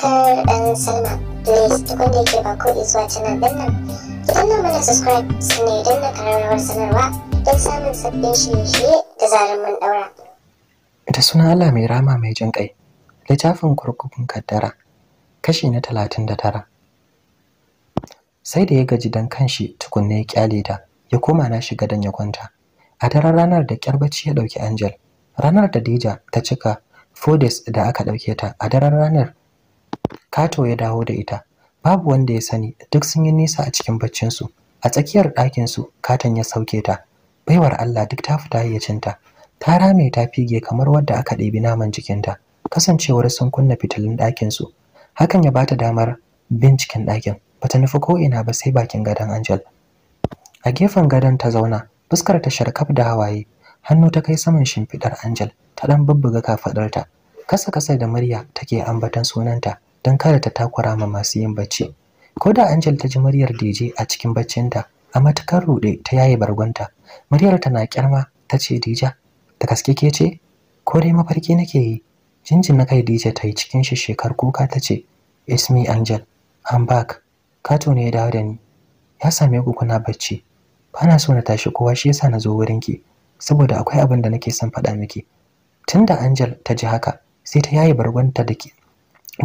subscribe and sign up. Please tukun da yake ba ko zuwa canal nan. subscribe sannan idan na kararrawar sanarwa don samun sabbin shirye-shirye da zarar mun Da Allah mai rama mai jin Littafin kurkukun kaddara kashi na talatin da tara. Sai da ya gaji dan kanshi tukunna ya kyale ta ya koma na shiga dan ya kwanta. A daren ranar da kyar ya dauki Angel, ranar da Dija ta cika Fodes da aka dauke ta a daren ranar kato ya dawo da ita babu wanda ya sani duk sun yi nisa a cikin baccinsu a tsakiyar ɗakinsu katon ya sauke ta baiwar allah duk ta fita hayyacinta ta rame ta fige kamar wadda aka ɗebi naman jikinta kasancewar sun kunna fitilun ɗakinsu hakan ya bata damar binciken ɗakin bata nufi ko ina ba sai bakin gadon angel a gefen gadon ta zauna fuskar ta sharkaf da hawaye hannu ta kai saman shimfiɗar angel ta ɗan bubbuga kafaɗarta kasa kasa da murya take ambatan sunanta don kada ta takura ma masu yin bacci ko da angel ta ji muryar dj a cikin baccin ta a matukar rude ta yaye bargonta muryar ta na kyarma ta ce dija da gaske ke ce ko dai mafarki nake yi jinjin na kai dija ta yi cikin shi shekar kuka ta ce it's me angel i'm back kato ne ya dawo da ni ya same ku kuna bacci ba na so na tashi kowa shi yasa na zo wurin ki, saboda akwai abin da nake son faɗa miki tunda angel ta ji haka sai ta yaye bargonta da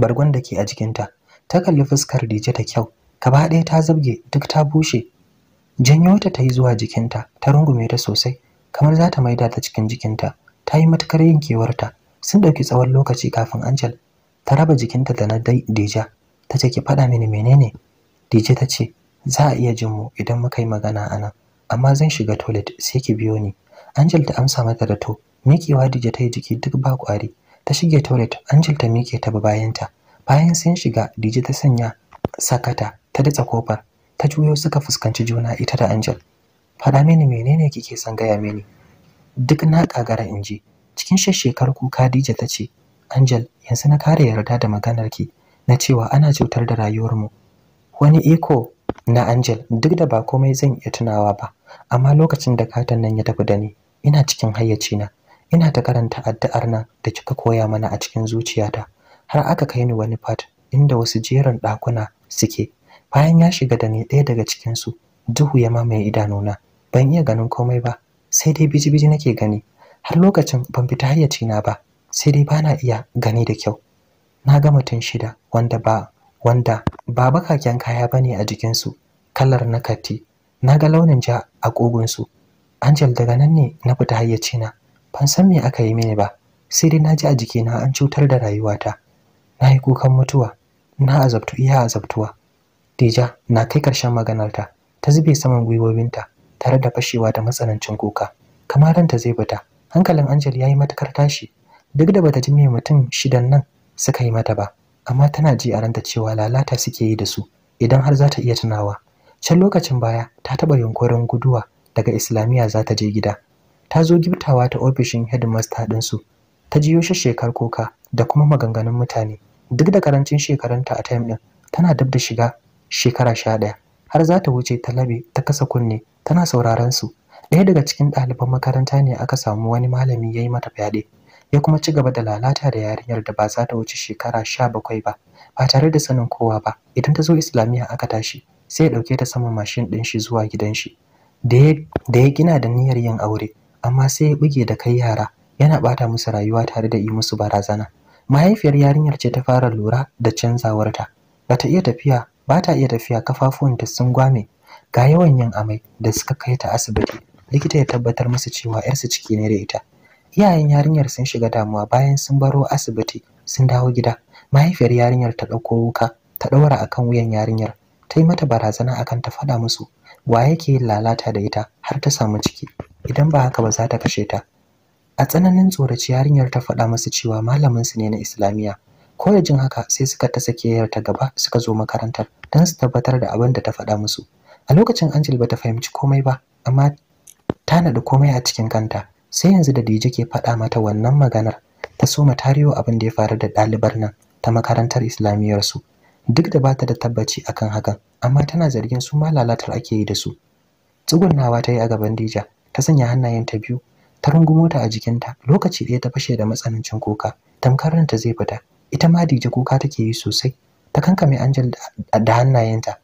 bargon da ke a jikinta ta kalli fuskar dije da kyau gaba ɗaya ta zabge duk ta bushe janyo ta yi zuwa jikinta ta rungume ta sosai kamar za ta maida ta cikin jikinta ta yi matukar yin kewarta sun ɗauki tsawon lokaci kafin Angel ta raba jikinta da na Dija. ta ce ki faɗa mini menene dije ta ce za a iya jin mu idan muka yi magana a nan amma zan shiga toilet sai ki biyo ni Angel ta amsa mata da to miƙewa dije ta yi jiki duk ba ƙwari ta shige toilet Angel ta miƙe ta bayanta bayan sun shiga Dije ta sanya sakata ta datsa kofar ta juyo suka fuskanci juna ita da Angel fada mini menene kike son gaya mini duk na kagara inji cikin shekar kuka Dije ta ce Angel yanzu na kare yarda da maganarki na cewa ana cutar da rayuwarmu wani iko na Angel duk da ba komai zan iya tunawa ba amma lokacin da katan nan ya tafi da ni ina cikin hayyacina ina ta karanta addu'ar nan da kika koya mana a cikin zuciyata har aka kai ni wani fat inda wasu jerin ɗakuna suke bayan ya shiga da ni ɗaya daga cikin su duhu ya mamaye idanuna ban iya ganin komai ba sai dai biji-biji nake gani har lokacin ban fita hayyaci na ba sai dai bana iya gani da kyau na ga mutum shida wanda ba wanda ba bakaken kaya bane a jikin su kalar na kati. na ga launin ja a su angel daga nan ne na fita hayyaci na ban san me aka yi mini ba sai dai na ji a jikina an cutar da rayuwata na yi kukan mutuwa na azabtu iya azabtuwa Deja na kai ƙarshen maganarta ta zube saman gwiwobinta tare da fashewa da matsanancin kuka kamar ranta zai fita hankalin Angel ya yi matukar tashi duk da bata ji me mutum shidan nan suka yi mata ba amma tana ji a ranta cewa lalata suke yi da su idan har za ta iya tunawa can lokacin baya ta taɓa yunkurin guduwa daga islamiyya za ta je gida ta zo gibtawa ta ofishin headmaster ɗinsu ta jiyo shekar kuka da kuma maganganun mutane duk da karancin shekarunta a time din, tana dab da shiga shekara sha ɗaya har za ta wuce ta labe ta kasa kunne tana sauraron su ɗaya daga cikin ɗaliban makaranta ne aka samu wani malami ya yi mata fyaɗe ya kuma ci gaba da lalata da yarinyar da ba za ta wuce shekara sha bakwai ba ba tare da sanin kowa ba idan ta zo islamiyya aka tashi sai ya ɗauke ta saman mashin ɗin shi zuwa gidan shi da ya gina da niyyar yin aure amma sai ya buge da kai yara yana bata musu rayuwa tare da yi musu barazana mahaifiyar yarinyar ce ta fara lura da canzawarta ta iya tafiya ba ta iya tafiya kafafuwan ta sun gwame ga yawan yin amai da suka kai ta asibiti likita ya tabbatar musu cewa yarsu ciki ne da ita iyayen yarinyar sun shiga damuwa bayan sun baro asibiti sun dawo gida mahaifiyar yarinyar ta ɗauko wuka ta ɗaura akan wuyan yarinyar ta yi mata barazana akan ta faɗa musu wa yake lalata da ita har ta samu ciki idan ba haka ba za ta kashe ta a tsananin tsoraci yarinyar ta faɗa masa cewa su ne na islamiyya ko da jin haka sai suka ta sake ta gaba suka zo makarantar don su tabbatar da abin da ta faɗa musu a lokacin angel ba ta fahimci komai ba amma ta naɗi komai a cikin kanta sai yanzu da dije ke faɗa mata wannan maganar ta soma tariyo abin da ya faru da ɗalibar nan ta makarantar islamiyyar su duk da bata da tabbaci akan hakan amma tana zargin su ma lalatar ake yi da su tsugunnawa ta yi a gaban dija ta sanya hannayenta biyu ta rungumo ta a jikinta lokaci ɗaya ta fashe da matsanancin kuka tamkar ta zai fita ita ma dije kuka take yi sosai ta kankame Angel da hannayenta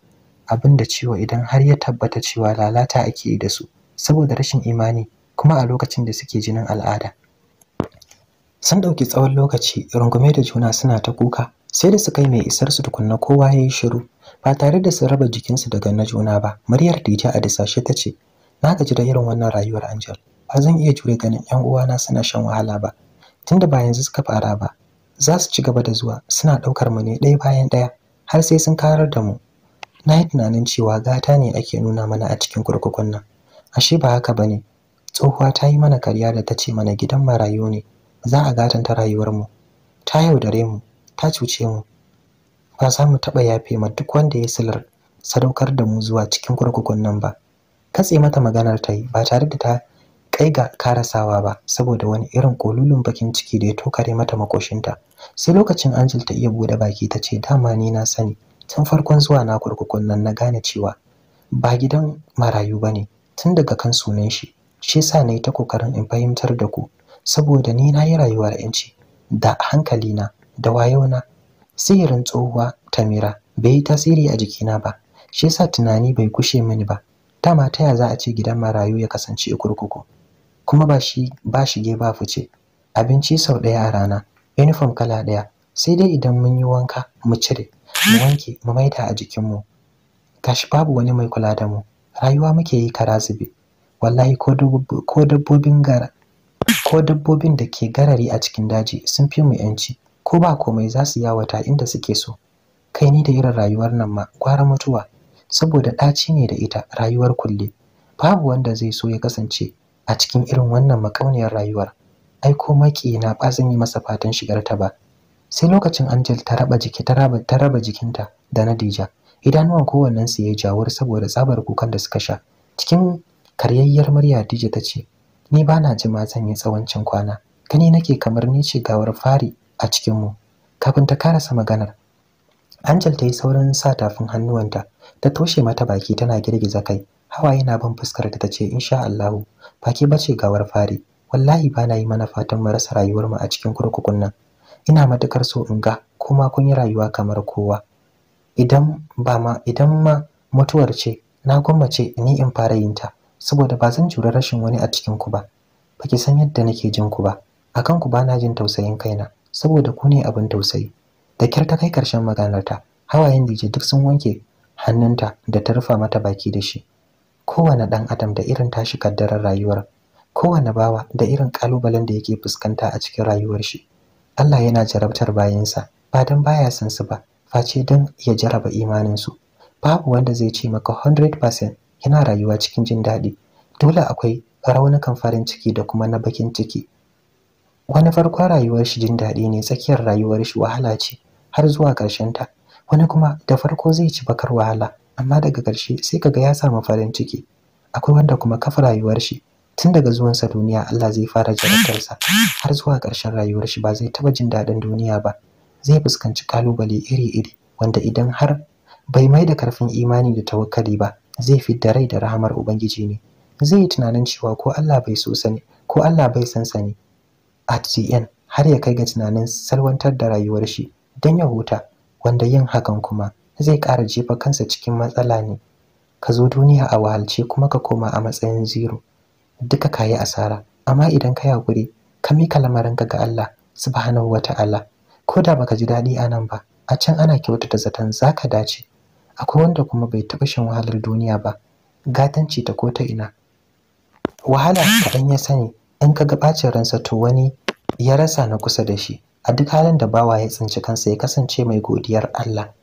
abin da ciwo idan har ya tabbata cewa lalata ake yi da su saboda rashin imani kuma a lokacin da suke jinin al'ada sun ɗauki tsawon lokaci rungume da juna suna ta kuka sai da su kai mai isar su tukunna kowa ya yi shiru ba tare da su raba jikinsu daga na juna ba muryar dija a disashe ta ce na gaji da irin wannan rayuwar Angel ba zan iya jure ganin ƴan uwana suna shan wahala ba tunda ba yanzu suka fara ba za su ci gaba da zuwa suna ɗaukar mu ne ɗaya bayan ɗaya har sai sun karar da mu na yi tunanin cewa gata ne ake nuna mana a cikin kurkukun nan ashe ba haka ba ne? tsohuwa ta yi mana karya da ta ce mana gidan marayu ne za a gatanta rayuwarmu ta yaudare mu ta cuce mu ba za mu taɓa yafe ma duk wanda ya silar sadaukar da mu zuwa cikin kurkukun nan ba katse mata maganar ta yi ba tare da ta kai ga karasawa ba saboda wani irin kolulun bakin ciki da ya tokare mata makoshinta sai lokacin Angel ta iya bude baki ta ce dama ni na sani tun farkon zuwa na kurkukun nan na gane cewa ba gidan marayu ba ne, tun daga kan sunan shi shi yasa yi ta kokarin in fahimtar da ku saboda ni na yi rayuwar yanci da hankalina da wayona sihirin tsohuwa tamira bai yi tasiri a jikina ba shi yasa tunani bai kushe mini ba dama ta ya za a ce gidan marayu ya kasance kurkuku kuma ba shi ba shige ba fice abinci sau ɗaya a rana uniform kala ɗaya sai dai idan mun yi wanka mu cire mu wanke mu maida a jikinmu gashi babu wani mai kula da mu rayuwa muke yi kara zube wallahi ko dabbobin gara ko dabbobin da ke garari a cikin daji sun fi mu yanci ko ba komai za su yawata inda suke so kai ni da irin rayuwar nan ma gwara mutuwa saboda ɗaci ne da ita rayuwar kulle babu wanda zai so ya kasance a cikin irin wannan makauniyar rayuwar ai ko maki na ba yi masa fatan shigar ta ba sai lokacin Anjel ta raba jiki ta raba jikinta da Nadija idanuwan kowannen su yayi jawur saboda tsabar kukan da suka sha cikin karyayyar murya Dija ta ce ni ba na jima zan yi tsawancin kwana gani nake kamar ni ce gawar fari a cikin mu kafin ta karasa maganar Angel ta yi saurin sa tafin hannuwanta ta toshe mata baki tana girgiza kai Hawa yana ban fuskar ta ce insha Allah ba ce bace gawar fari wallahi bana yi mana fatan mu rasa rayuwar mu a cikin kurkukun nan ina matukar so in ga kuma kun yi rayuwa kamar kowa idan ba ma idan ma mutuwar ce na gwammace ni in fara yin ta saboda ba zan jure rashin wani a cikin ku ba ba san yadda nake jin ku ba akan ku bana jin tausayin kaina saboda ku ne abin tausayi da kyar ta kai ƙarshen maganarta hawayen dije duk sun wanke hannunta da ta rufa mata baki da shi kowane ɗan adam da irin tashi kaddarar rayuwar kowane bawa da irin kalubalen da yake fuskanta a cikin rayuwar shi Allah yana jarabtar bayansa ba don baya san su ba face don ya jaraba su babu wanda zai ce maka 100% yana rayuwa cikin jin daɗi dole akwai raunukan farin ciki da kuma na bakin ciki wani farkon rayuwar shi jin daɗi ne tsakiyar rayuwar shi wahala ce har zuwa ƙarshen ta wani kuma da farko zai ci bakar wahala amma daga ƙarshe sai kaga ya samu farin ciki akwai wanda kuma kafa rayuwar shi tun daga zuwan sa duniya Allah zai fara sa har zuwa ƙarshen rayuwar shi ba zai taɓa jin daɗin duniya ba zai fuskanci kalubale iri-iri wanda idan har bai mai da karfin imani da tawakkali ba zai fidda rai da rahamar ubangiji ne zai yi tunanin cewa ko Allah bai so sani ko Allah bai san sani at the end har ya kai ga tunanin salwantar da rayuwar shi don ya huta wanda yin hakan kuma zai ƙara jefa kansa cikin matsala ne ka zo duniya a wahalce kuma ka koma a matsayin zero duka ka yi asara amma idan ka hakuri ka mika lamarinka ga Allah subhanahu wata'ala ko da baka ji daɗi a nan ba a can ana kyautata zaton ka dace akwai wanda kuma bai taɓa shan wahalar duniya ba gatanci ta ko ta ina wahala kaɗan ya sani in ka ga ɓacin ransa to wani ya rasa na kusa da shi a duk halin da bawa ya tsinci kansa ya kasance mai godiyar Allah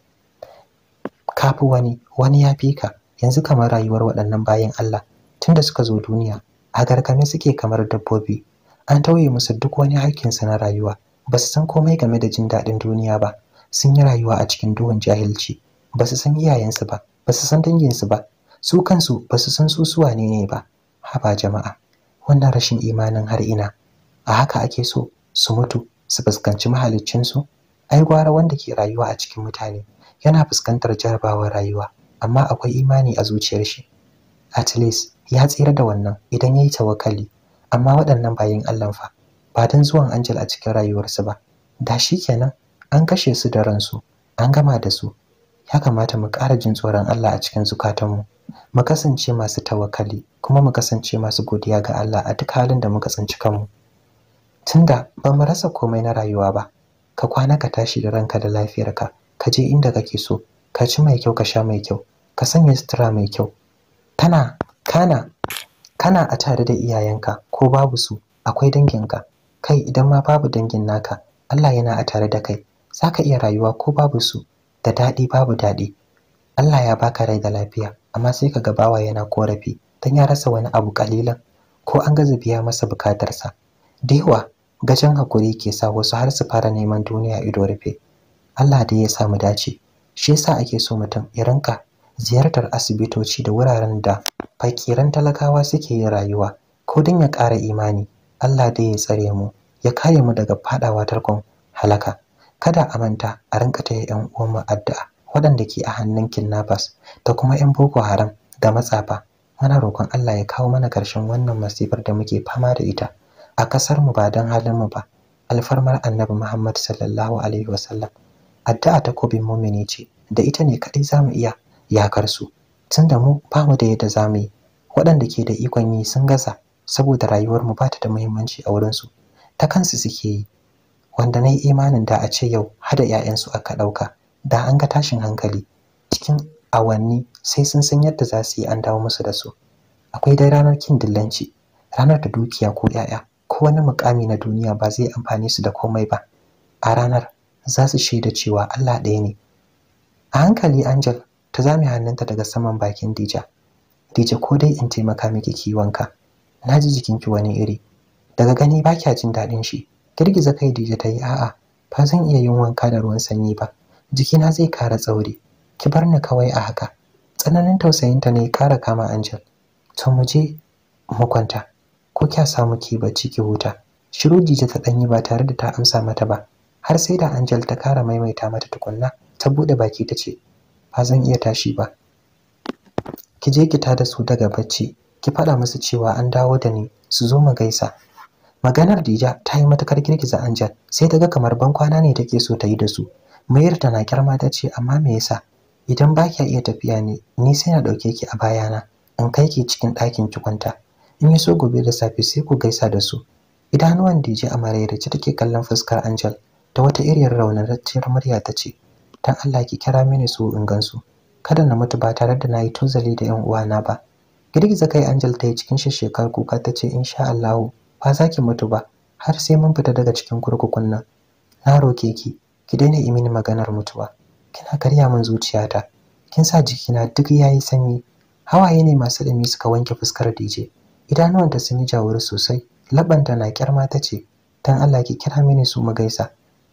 kafi wani wani ya fi ka yanzu kamar rayuwar waɗannan bayan Allah tunda suka zo duniya a gargame suke kamar dabbobi an tauye musu duk wani haƙƙinsu na rayuwa ba su san komai game da jin daɗin duniya ba sun yi rayuwa a cikin duhun jahilci ba su san iyayensu ba ba su san danginsu ba su kansu ba su san su su ne ne ba haba jama'a wannan rashin imanin har ina a haka ake so su mutu su fuskanci mahaliccinsu ai gwara wanda ke rayuwa a cikin mutane yana fuskantar jarabawar rayuwa amma akwai imani a zuciyar shi at least ya tsira da wannan idan ya yi tawakali, amma waɗannan bayin Allah fa ba don zuwan angel a cikin rayuwarsu ba da shi kenan an kashe su da ransu an gama da su ya kamata mu ƙara jin tsoron Allah a cikin zukatanmu mu kasance masu tawakali kuma mu kasance masu godiya ga Allah a duk halin da muka tsinci kanmu tunda ba mu rasa komai na rayuwa ba ka kwana ka tashi da ranka da lafiyarka ka je inda kake so ka ci mai kyau ka sha mai kyau ka sanya sutura mai kyau tana kana kana a tare da iyayenka ko babu su akwai danginka kai idan ma babu dangin naka Allah yana a tare da kai saka iya rayuwa ko babu su da daɗi babu daɗi Allah ya baka rai da lafiya amma sai ka ga bawa yana korafi dan ya rasa wani abu kalilan ko an gaza biya masa bukatarsa da yawa gajen hakuri ke sa wasu har su fara neman duniya ido rufe Allah dai ya sa mu dace shi yasa ake so mutum ya rinka ziyartar asibitoci da wuraren da fakiran talakawa suke yin rayuwa ko don ya ƙara imani Allah dai ya tsare mu ya kare mu daga fadawa tarkon halaka kada a manta a rinka taya yan uwan mu addu'a waɗanda ke a hannun kidnappers da kuma yan boko haram da matsafa muna roƙon Allah ya kawo mana ƙarshen wannan masifar da muke fama da ita a mu ba don mu ba alfarmar annabi Muhammad sallallahu alaihi wasallam addu'a ta kobin mumini ce da ita ne kadai za mu iya yakar su tunda mu ba mu da yadda za mu yi waɗanda ke da ikon yi sun gaza saboda rayuwarmu ba ta da muhimmanci a su ta kansu suke yi wanda na yi imanin da a ce yau hada su aka ɗauka da an ga tashin hankali cikin awanni sai sun san yadda za su yi an dawo musu da su akwai dai ranar kin dillanci ranar da dukiya ko 'ya'ya duk mukami na duniya ba zai amfani su da komai ba a ranar za su shaida cewa Allah ɗaya ne a hankali Angel ta zame hannunta daga saman bakin Dija Dija ko dai in taimaka miki kiwonka na ji jikinki wani iri daga gani ba kya jin daɗin shi girgiza kai Dija ta yi a'a ba zan iya yin wanka da ruwan sanyi ba jikina zai kara tsauri ki bar ni kawai a haka tsananin tausayinta ne kara kama Angel to muje je mu kwanta ko kya samu ki bacci ki huta shiru jije ta danyi ba tare da ta amsa mata ba har sai da Angel ta kara maimaita mata tukunna ta bude baki ta ce ba zan iya tashi ba ki je ki tada su daga bacci ki faɗa musu cewa an dawo da ni su zo mu gaisa maganar Dija ta yi matukar girgiza Angel sai ta ga kamar kwana ne take so ta yi da su mayar ta na kirma ta ce amma me yasa idan ba ki iya tafiya ne ni sai na dauke ki a bayana in kai ki cikin ɗakin ki kwanta in yi so gobe da safe sai ku gaisa da su idanuwan dije a maraice take kallon fuskar angel ta wata iriyar raunatacciyar murya ta ce dan allah ki kira mini su in gansu kada na mutu ba tare da na yi tozali da yan uwana ba girgiza kai angel ta yi cikin shekar kuka ta ce insha allahu ba za ki mutu ba har sai mun fita daga cikin kurkukun nan na roke ki ki daina yi mini maganar mutuwa kina karya min zuciyata kin sa jikina duk yayi sanyi hawaye ne masu dumi suka wanke fuskar dije idanuwanta sun yi jawuri sosai labanta na kyarma ta ce dan Allah ki kira mini su mu gaisa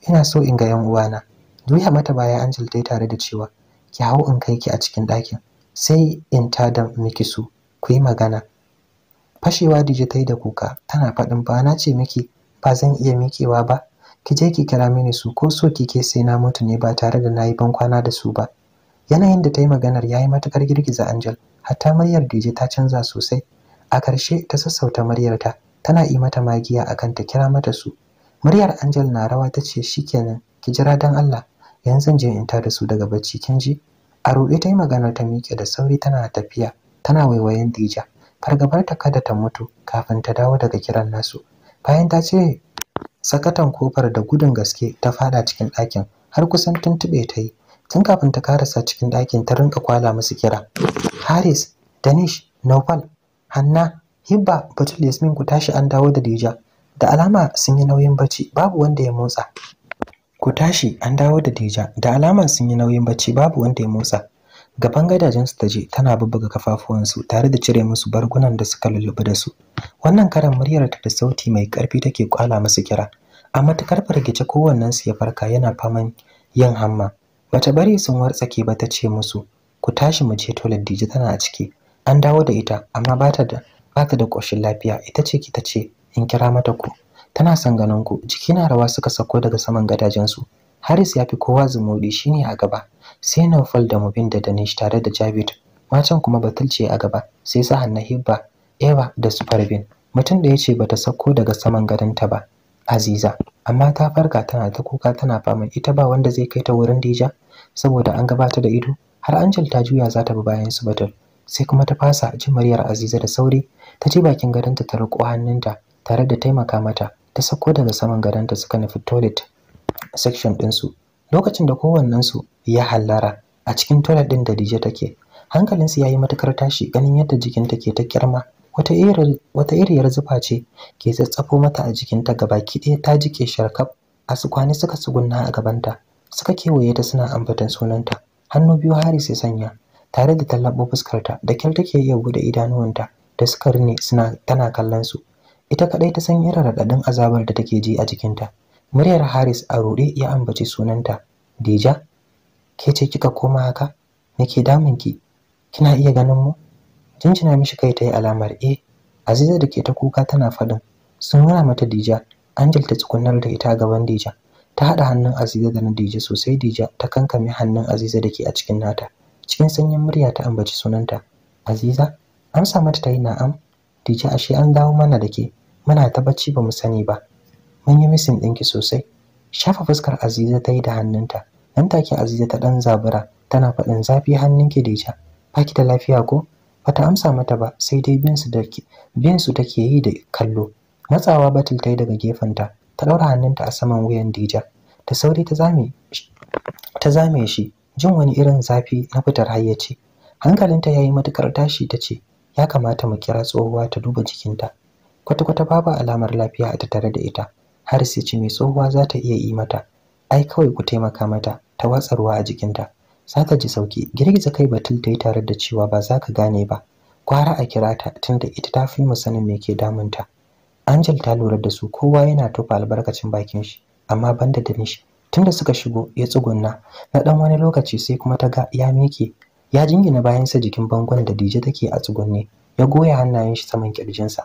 ina so in ga yan uwana juya mata baya Angel dai tare da cewa ki hau in kai ki a cikin ɗakin sai in ta da miki su ku yi magana fashewa dije ta yi da kuka tana faɗin ba na ce miki ba zan iya mikewa ba ki je ki kira mini su ko so kike sai na mutu ne ba tare da nayi ban kwana da su ba yanayin da ta yi maganar ya yi matukar girgiza Angel hatta mayar dije ta canza sosai a ƙarshe ta sassauta muryarta tana yi mata magiya akan ta kira mata su muryar angel na rawa ta ce shi kenan ki jira don allah yanzu je in ta da su daga bacci kin ji a ruɗe ta yi maganar ta miƙe da sauri tana tafiya tana waiwayen dija fargabar ta kada ta mutu kafin ta dawo daga kiran nasu bayan ta ce sakatan kofar da gudun gaske ta fada cikin ɗakin har kusan tuntuɓe ta yi tun kafin ta karasa cikin ɗakin ta rinka kwala musu kira haris danish nopal Hanna, Hibba, Batul, Yasmin ku tashi an dawo da Dija. Da alama sun yi nauyin bacci, babu wanda ya motsa. Ku tashi an dawo da Dija. Da alama sun yi nauyin bacci, babu wanda ya motsa. Gaban gadajen su taje tana bubbuga kafafuwansu tare da cire musu bargunan da suka lullubi da su. Wannan karan muryar ta da sauti mai karfi take kwala musu kira. A matuƙar fargice, kowannen su ya farka yana faman yin hamma. Bata bari sun wartsake ba ta ce musu, "Ku tashi mu je toilet tana a ciki." an dawo da ita amma ba ta da ba da ƙoshin lafiya ita ce ki ta ce in kira mata ku tana son ganin ku jiki na rawa suka sako daga saman gadajen su Haris ya fi kowa zumuɗi shine a gaba sai fal da Mubin da Danish tare da Javit, matan kuma Batul ce a gaba sai Sahan na Hibba Ewa da Superbin mutum da ya ce bata sako daga saman ta ba Aziza amma ta farka tana ta kuka tana fama. ita ba wanda zai kai ta wurin Dija saboda an gabata da ido har Angel ta juya za ta bi bayan su Batul sai kuma ta fasa ji muryar Aziza da sauri ta je bakin gadonta ta riko hannunta tare da taimaka mata ta sako daga saman gadonta suka nufi toilet section ɗinsu lokacin da kowannen su ya hallara a cikin toilet ɗin da Dije take hankalin su yayi matukar tashi ganin yadda jikinta ke ta kirma wata iriyar zufa ce ke tsatsafo mata a jikinta baki ɗaya ta jike sharkaf a su kwani suka tsugunna a gabanta suka kewaye ta suna ambatan sunanta hannu biyu hari sai sanya tare da tallabo fuskarta da kyal take iya bude idanuwanta da suka rine suna tana kallon su ita kadai ta san irin radadin azabar da take ji a jikinta muryar Haris a rode ya ambaci sunanta Deja ke ce kika koma haka nake damun ki kina iya ganin mu jinjina mishi kai ta yi alamar e Aziza da ke ta kuka tana fadin sun nuna mata Dija Angel ta tsukunar da ita gaban Dija ta haɗa hannun Aziza da na Dija sosai Dija ta kankame hannun Aziza da ke a cikin nata cikin sanyin murya ta ambaci sunanta aziza amsa mata ta yi na'am Dija, ashe an dawo mana da ke muna ta bacci ba mu sani ba mun yi misin ɗinki sosai shafa fuskar aziza ta yi da hannunta nan take aziza ta ɗan zabura tana faɗin zafi hannunki dija baki da lafiya ko bata amsa mata ba sai dai binsu bin su take yi da kallo matsawa batul ta yi daga gefenta ta ta ɗaura hannunta a saman wuyan dija da sauri ta zame shi jin wani irin zafi na fitar hayyaci hankalinta ya yi matukar tashi ta ce ya kamata mu kira tsohuwa ta duba jikinta kwata-kwata babu alamar lafiya a tattare da ita har sai ce mai tsohuwa za ta iya yi mata ai kawai ku taimaka mata ta watsa ruwa a jikinta za ta ji sauki girgiza kai batul ta yi tare da cewa ba za ka gane ba kwara a kira ta tunda ita ta fi mu sanin me ke damunta angel ta lura da su kowa yana tofa albarkacin bakin shi amma banda da nishi tunda suka shigo ya tsugunna na dan wani lokaci sai kuma ta ga ya miƙe ya jingina bayan sa jikin bangon da dije take a tsugunne ya goya hannayen shi saman kirjinsa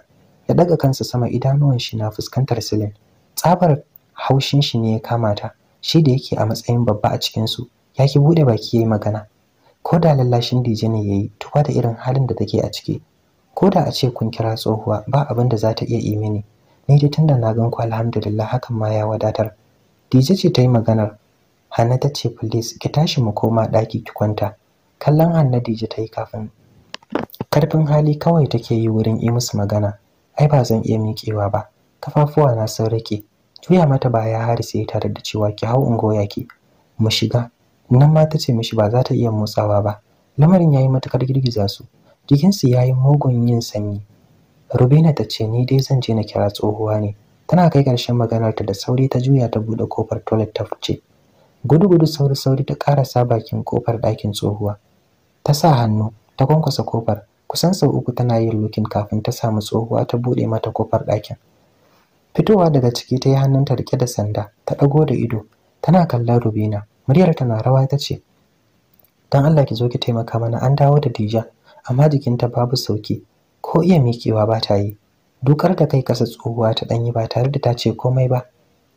ya daga kansa sama idanuwan shi na fuskantar silin tsabar haushin shi ne ya kamata, shi da yake a matsayin babba a cikin su ya ki bude baki yayi magana ko da lallashin dije ne yayi tuba da irin halin da take a ciki ko da a ce kun kira tsohuwa ba abin da za ta iya yi mini ni dai tunda na gan ku alhamdulillah hakan ma ya wadatar Dije ce ta yi maganar. Hanna ta ce please ki tashi mu koma ɗaki ki kwanta. Kallon Hanna Dije ta yi kafin. Karfin hali kawai take yi wurin yi musu magana. Ai ba zan iya miƙewa ba. Kafafuwa na sun rike. Juya mata baya har sai tare da cewa ki hau goya ki. Mu shiga. Nan ma ta ce mishi ba za ta iya motsawa ba. Lamarin ya yi matuƙar girgiza su. Jikinsu ya yi mugun yin sanyi. Rubina ta ce ni dai zan je na kira tsohuwa ne. tana kai ƙarshen maganarta da sauri ta juya ta buɗe kofar toilet ta fice gudu-gudu sauri-sauri ta ƙarasa bakin kofar ɗakin tsohuwa ta sa hannu ta kwankwasa kofar kusan sau uku tana yin lukin kafin ta samu tsohuwa ta buɗe mata kofar ɗakin fitowa daga ciki ta yi hannunta riƙe da sanda ta ɗago da ido tana kallon rubina muryar na rawa ta ce don allah ki zo ki taimaka mana an dawo da dija amma jikinta babu sauki ko iya miƙewa ba ta yi dukar da kai kasa tsohuwa ta danyi ba tare da ta ce komai ba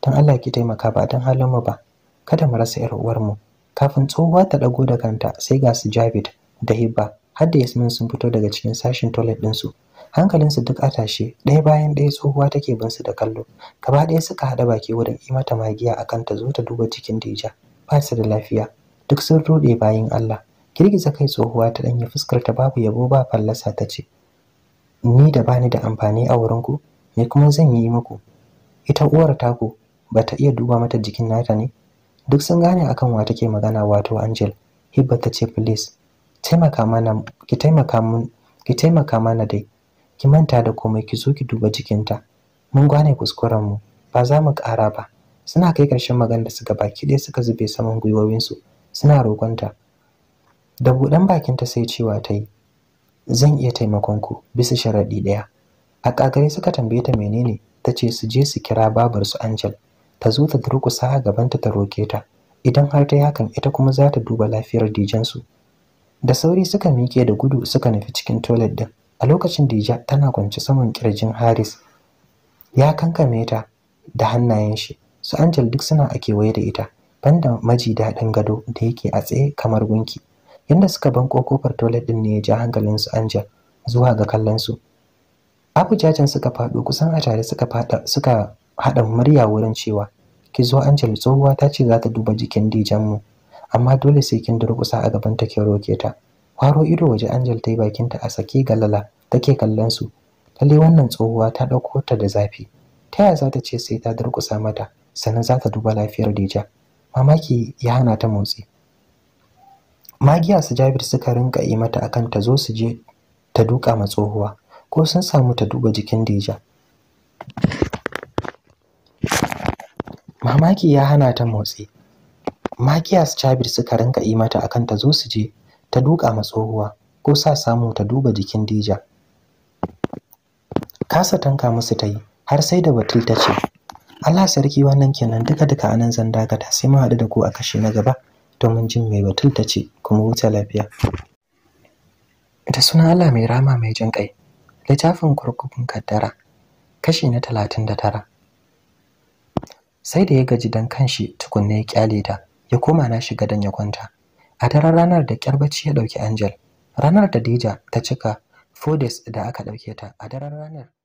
dan Allah ki taimaka ba dan halin mu ba kada mu rasa yar uwar kafin tsohuwa ta ɗago da kanta sai ga su Javid da Hibba har da Yasmin sun fito daga cikin sashin toilet din su hankalinsu duk a tashe ɗaya bayan ɗaya tsohuwa take bin su da kallo gaba ɗaya suka haɗa baki wurin yi mata magiya akan ta zo ta duba cikin Dija ba su da lafiya duk sun ruɗe bayan Allah girgiza kai tsohuwa ta ɗanyi fuskar ta babu yabo ba fallasa ta ce ni da bani da amfani a wurin ku me kuma zan yi muku ita uwar taku ba ta iya duba mata jikin nata ne duk sun gane akan wa take magana wato angel hibba ta ce please taimaka mana ki taimaka mun ki taimaka mana dai ki manta da komai ki zo ki duba jikinta mun gane kuskuren mu ba za mu ƙara ba suna kai ƙarshen su suka baki ɗaya suka zube saman gwiwowinsu suna roƙonta da buɗan bakinta sai cewa ta yi zan iya taimakon ku bisa sharaɗi ɗaya. a kakare suka tambaye ta menene ta ce su je su kira babar su Angel ta zo ta durƙusa a gabanta ta roke ta idan har ta yakan hakan ita kuma za ta duba lafiyar dijan su da sauri suka mike da gudu suka nufi cikin toilet din a lokacin dija tana kwance saman kirjin Haris ya kankame ta da hannayen shi su Angel duk suna a kewaye da ita banda maji daɗin gado da yake a tsaye kamar gunki yanda suka banko kofar toilet din ne ya ja hankalin su Angel zuwa ga kallon su jajan suka faɗo kusan a tare suka fada suka haɗa murya wurin cewa ki zo Angel tsohuwa ta ce za ta duba jikin dijan mu amma dole sai kin durƙusa a gaban ta roke ta kwaro ido waje Angel ta yi bakinta a sake galala take kallon su lalle wannan tsohuwa ta ɗauko ta da zafi ta ya za ta ce sai ta durƙusa mata sannan za ta duba lafiyar Dija mamaki ya hana ta motsi magiya su jabir suka rinka yi mata akan ta zo su je ta duka ma tsohuwa ko sun samu ta duba jikin Deja mamaki ya hana ta motsi magiya su jabir suka rinka yi mata akan ta zo su je ta duka ma tsohuwa ko sa samu ta duba jikin Deja kasa tanka musu ta yi har sai da batul ta ce Allah sarki wannan kenan duka duka anan zan dakata sai mu haɗu da ku a kashi na gaba domin jin mai batul ta ce kuma wuce lafiya da sunan Allah mai rama mai jin kai littafin kurkukun kaddara kashi na talatin da tara sai da ya gaji dan shi tukunna ya kyale ta ya koma na shiga dan ya kwanta a daren ranar da kyar bacci ya dauki Angel ranar da Dija ta cika Fodes da aka dauke ta a daren ranar